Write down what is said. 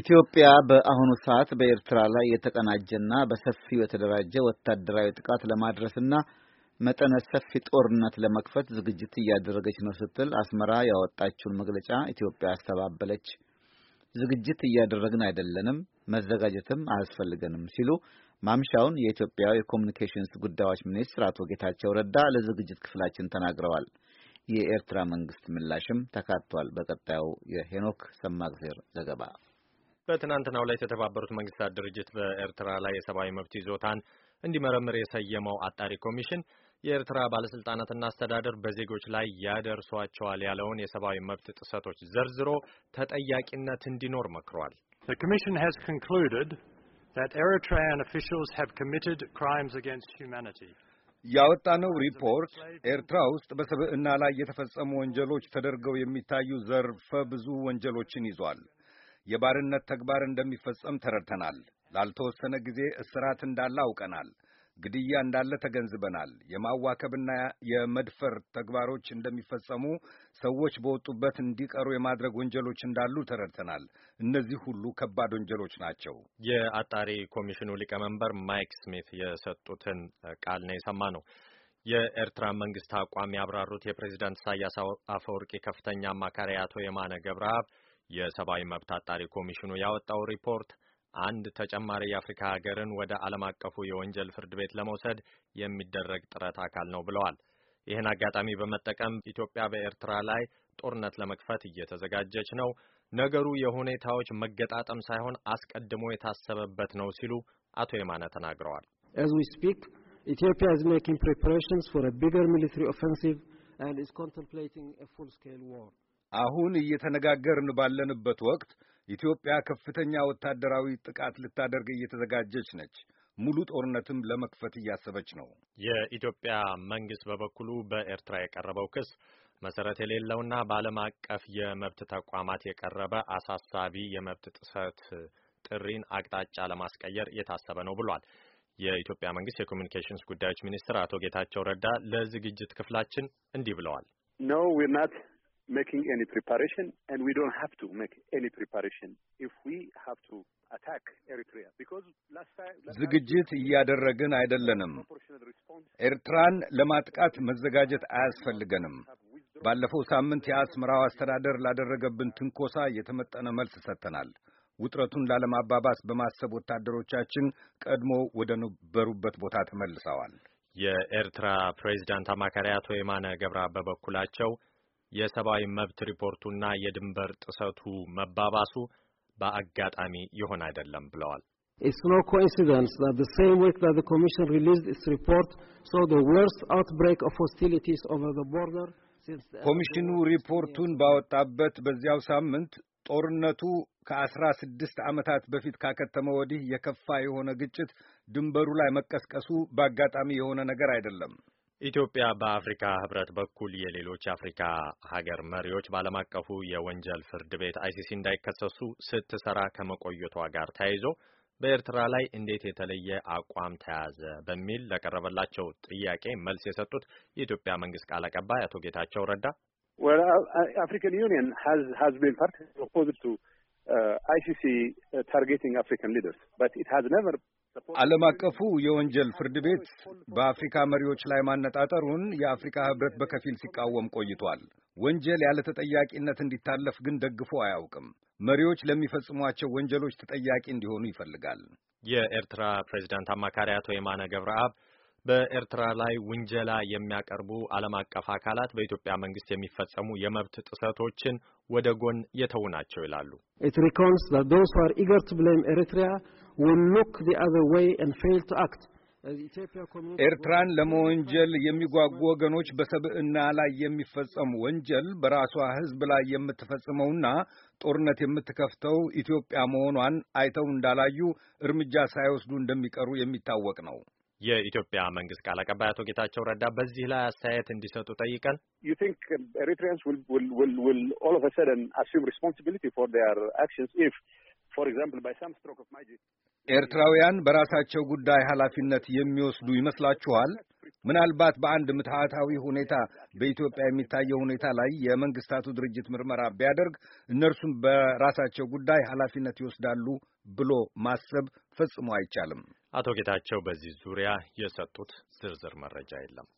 ኢትዮጵያ በአሁኑ ሰዓት በኤርትራ ላይ የተቀናጀና በሰፊው የተደራጀ ወታደራዊ ጥቃት ለማድረስና መጠነ ሰፊ ጦርነት ለመክፈት ዝግጅት እያደረገች ነው ስትል አስመራ ያወጣችውን መግለጫ ኢትዮጵያ አስተባበለች። ዝግጅት እያደረግን አይደለንም፣ መዘጋጀትም አያስፈልገንም ሲሉ ማምሻውን የኢትዮጵያ የኮሚኒኬሽንስ ጉዳዮች ሚኒስትር አቶ ጌታቸው ረዳ ለዝግጅት ክፍላችን ተናግረዋል። የኤርትራ መንግስት ምላሽም ተካቷል። በቀጣዩ የሄኖክ ሰማግዜር ዘገባ በትናንትናው ላይ የተባበሩት መንግስታት ድርጅት በኤርትራ ላይ የሰብአዊ መብት ይዞታን እንዲመረምር የሰየመው አጣሪ ኮሚሽን የኤርትራ ባለስልጣናትና አስተዳደር በዜጎች ላይ ያደርሷቸዋል ያለውን የሰብአዊ መብት ጥሰቶች ዘርዝሮ ተጠያቂነት እንዲኖር መክሯል። The commission has concluded that Eritrean officials have committed crimes against humanity. ያወጣነው ሪፖርት ኤርትራ ውስጥ በሰብዕና ላይ የተፈጸሙ ወንጀሎች ተደርገው የሚታዩ ዘርፈ ብዙ ወንጀሎችን ይዟል። የባርነት ተግባር እንደሚፈጸም ተረድተናል። ላልተወሰነ ጊዜ እስራት እንዳለ አውቀናል። ግድያ እንዳለ ተገንዝበናል። የማዋከብና የመድፈር ተግባሮች እንደሚፈጸሙ፣ ሰዎች በወጡበት እንዲቀሩ የማድረግ ወንጀሎች እንዳሉ ተረድተናል። እነዚህ ሁሉ ከባድ ወንጀሎች ናቸው። የአጣሪ ኮሚሽኑ ሊቀመንበር ማይክ ስሚት የሰጡትን ቃል ነው የሰማ ነው። የኤርትራ መንግስት አቋም ያብራሩት የፕሬዚዳንት ኢሳያስ አፈወርቂ ከፍተኛ አማካሪ አቶ የማነ ገብረአብ የሰብአዊ መብት አጣሪ ኮሚሽኑ ያወጣው ሪፖርት አንድ ተጨማሪ የአፍሪካ ሀገርን ወደ ዓለም አቀፉ የወንጀል ፍርድ ቤት ለመውሰድ የሚደረግ ጥረት አካል ነው ብለዋል። ይህን አጋጣሚ በመጠቀም ኢትዮጵያ በኤርትራ ላይ ጦርነት ለመክፈት እየተዘጋጀች ነው፣ ነገሩ የሁኔታዎች መገጣጠም ሳይሆን አስቀድሞ የታሰበበት ነው ሲሉ አቶ የማነ ተናግረዋል። as we speak ኢትዮጵያ is making preparations for a bigger military offensive and is contemplating a full scale war አሁን እየተነጋገርን ባለንበት ወቅት ኢትዮጵያ ከፍተኛ ወታደራዊ ጥቃት ልታደርግ እየተዘጋጀች ነች። ሙሉ ጦርነትም ለመክፈት እያሰበች ነው። የኢትዮጵያ መንግስት በበኩሉ በኤርትራ የቀረበው ክስ መሰረት የሌለውና በዓለም አቀፍ የመብት ተቋማት የቀረበ አሳሳቢ የመብት ጥሰት ጥሪን አቅጣጫ ለማስቀየር የታሰበ ነው ብሏል። የኢትዮጵያ መንግስት የኮሚኒኬሽንስ ጉዳዮች ሚኒስትር አቶ ጌታቸው ረዳ ለዝግጅት ክፍላችን እንዲህ ብለዋል። ኖ ዊር ናት making any preparation, and we don't have to make any preparation if we have to attack Eritrea because last time ዝግጅት እያደረግን አይደለንም። ኤርትራን ለማጥቃት መዘጋጀት አያስፈልገንም። ባለፈው ሳምንት የአስመራው አስተዳደር ላደረገብን ትንኮሳ የተመጠነ መልስ ሰጥተናል። ውጥረቱን ላለማባባስ በማሰብ ወታደሮቻችን ቀድሞ ወደ ነበሩበት ቦታ ተመልሰዋል። የኤርትራ ፕሬዚዳንት አማካሪ አቶ የማነ ገብረአብ በበኩላቸው የሰብአዊ መብት ሪፖርቱና የድንበር ጥሰቱ መባባሱ በአጋጣሚ ይሆን አይደለም ብለዋል። It's no coincidence that the same week that the Commission released its report saw the worst outbreak of hostilities over the border since the ኮሚሽኑ ሪፖርቱን ባወጣበት በዚያው ሳምንት ጦርነቱ ከአስራ ስድስት ዓመታት በፊት ካከተመ ወዲህ የከፋ የሆነ ግጭት ድንበሩ ላይ መቀስቀሱ በአጋጣሚ የሆነ ነገር አይደለም። ኢትዮጵያ በአፍሪካ ህብረት በኩል የሌሎች የአፍሪካ ሀገር መሪዎች በዓለም አቀፉ የወንጀል ፍርድ ቤት አይሲሲ እንዳይከሰሱ ስትሰራ ከመቆየቷ ጋር ተያይዞ በኤርትራ ላይ እንዴት የተለየ አቋም ተያዘ በሚል ለቀረበላቸው ጥያቄ መልስ የሰጡት የኢትዮጵያ መንግስት ቃል አቀባይ አቶ ጌታቸው ረዳ uh, አይሲሲ ታርጌቲንግ አፍሪካን ሊደርስ በት ኢት ሃዝ ነቨር ዓለም አቀፉ የወንጀል ፍርድ ቤት በአፍሪካ መሪዎች ላይ ማነጣጠሩን የአፍሪካ ህብረት በከፊል ሲቃወም ቆይቷል። ወንጀል ያለ ተጠያቂነት እንዲታለፍ ግን ደግፎ አያውቅም። መሪዎች ለሚፈጽሟቸው ወንጀሎች ተጠያቂ እንዲሆኑ ይፈልጋል። የኤርትራ ፕሬዚዳንት አማካሪ አቶ የማነ ገብረአብ በኤርትራ ላይ ውንጀላ የሚያቀርቡ ዓለም አቀፍ አካላት በኢትዮጵያ መንግስት የሚፈጸሙ የመብት ጥሰቶችን ወደ ጎን የተዉ ናቸው ይላሉ። it ኤርትራን ለመወንጀል የሚጓጉ ወገኖች በሰብዕና ላይ የሚፈጸሙ ወንጀል በራሷ ሕዝብ ላይ የምትፈጽመውና ጦርነት የምትከፍተው ኢትዮጵያ መሆኗን አይተው እንዳላዩ እርምጃ ሳይወስዱ እንደሚቀሩ የሚታወቅ ነው። የኢትዮጵያ መንግስት ቃል አቀባይ አቶ ጌታቸው ረዳ በዚህ ላይ አስተያየት እንዲሰጡ ጠይቀን uh, ኤርትራውያን በራሳቸው ጉዳይ ኃላፊነት የሚወስዱ ይመስላችኋል? ምናልባት በአንድ ምትሃታዊ ሁኔታ በኢትዮጵያ የሚታየው ሁኔታ ላይ የመንግስታቱ ድርጅት ምርመራ ቢያደርግ እነርሱም በራሳቸው ጉዳይ ኃላፊነት ይወስዳሉ ብሎ ማሰብ ፈጽሞ አይቻልም። አቶ ጌታቸው በዚህ ዙሪያ የሰጡት ዝርዝር መረጃ የለም።